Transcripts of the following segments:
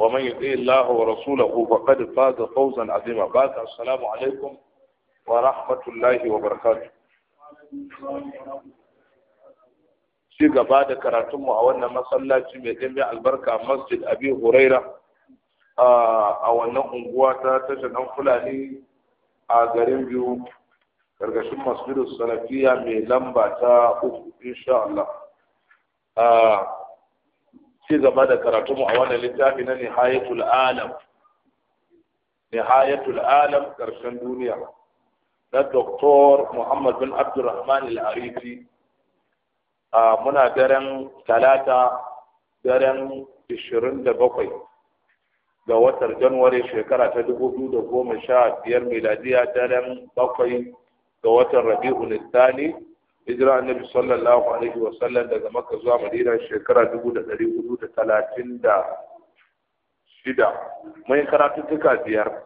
ومن يطيع الله ورسوله فقد فاز فوزا عظيما بعد السلام عليكم ورحمة الله وبركاته ci gaba da karatunmu a wannan masallaci mai dambe albarka masjid abi huraira a wannan unguwa ta ɗan fulani a garin biyu gargashin masjidu salafiya mai lamba ta uku insha Allah ci gaba da karatu mu a wannan littafi na nihayatul alam nihayatul alam karshen duniya na doktor muhammad bin abdurrahman al-arifi muna daren talata daren 27 ga watar januwari shekara ta 2015 miladiya daren bakwai ga watan rabi'ul thani hijira annabi sallallahu alaihi wa sallam daga makka zuwa madina shekara 1436 mun karatu tuka biyar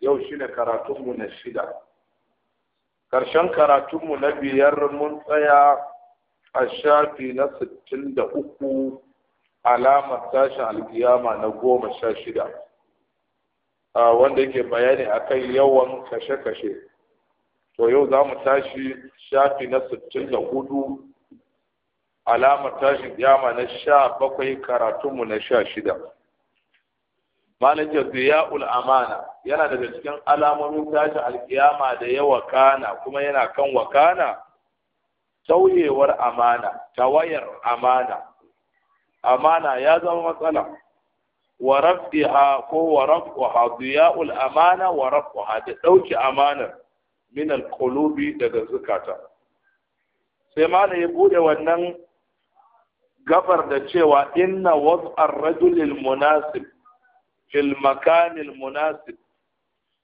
yau shine karatunmu na shida karshen karatunmu na biyar mun tsaya a shafi na 63 alamar tashin alkiyama na goma sha shida wanda yake bayani akan yawan kashe-kashe to yau za mu tashi shafi na sittin da hudu alamar tashin na sha bakwai karatunmu na sha shida malam ya amana yana daga cikin alamomin tashin alkiyama da ya wakana kuma yana kan wakana tauyewar amana tawayar amana amana ya zama matsala wa raf'iha ko wa raf'uha diya'ul amana wa raf'uha da ɗauki amanar min alqulubi daga zukata sai malai ya bude wannan gabar da cewa inna waz'ar rajulil munasib fil makanil munasib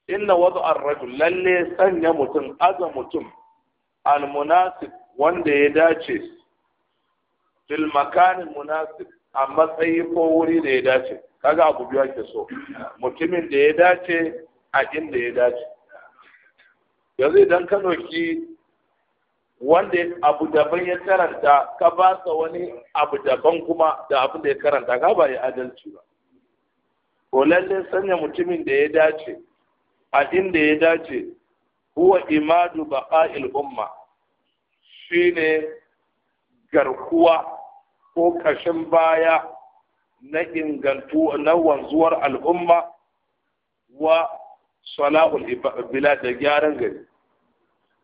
inna waz'ar rajul lalle sanya mutum aza mutum al munasib wanda ya dace fil makanil munasib a matsayi ko wuri da ya dace kaga abu biyu ake so mutumin da ya dace a inda ya dace yanzu idan ka ɗauki wanda abu daban ya karanta ka ba sa wani abu daban kuma da abin da ya karanta ka ba ya adalci ba ko lalle sanya mutumin da ya dace a inda ya dace huwa imadu baqa'il umma shine garkuwa ko kashin baya na ingantu na wanzuwar al'umma wa salahul bilad da gyaran gari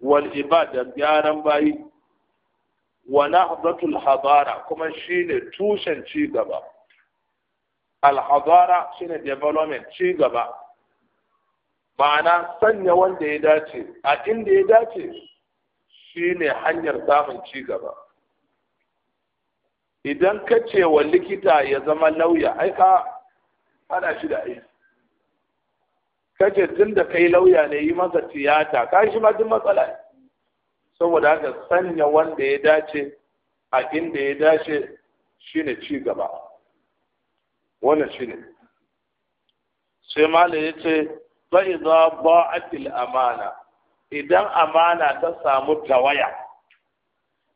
wal iba da gyaran bayi wa nahdatul habara kuma ne tushen ci gaba al hadara shine development ci gaba ma'ana sanya wanda ya dace a inda ya dace shine hanyar samun ci gaba idan ka ce wa likita ya zama lauya aika ka shi da aiki kake tun da kai lauya ne yi masa tiyata ka shi ma duk matsala ne saboda haka sanya wanda ya dace a inda ya dace shine ci gaba wannan shine sai ce yace za ba a amana idan amana ta samu tawaya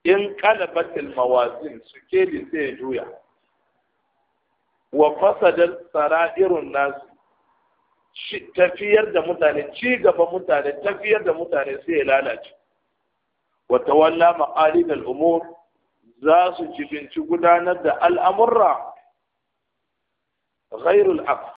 in batil mawazin suke da sai juya wa fasadar irin nasu tafiyar da mutane ci gaba mutane tafiyar da mutane sai ya lalace Wata walla ma'alin al'umur za su jibinci gudanar da al'amurra ghairul aql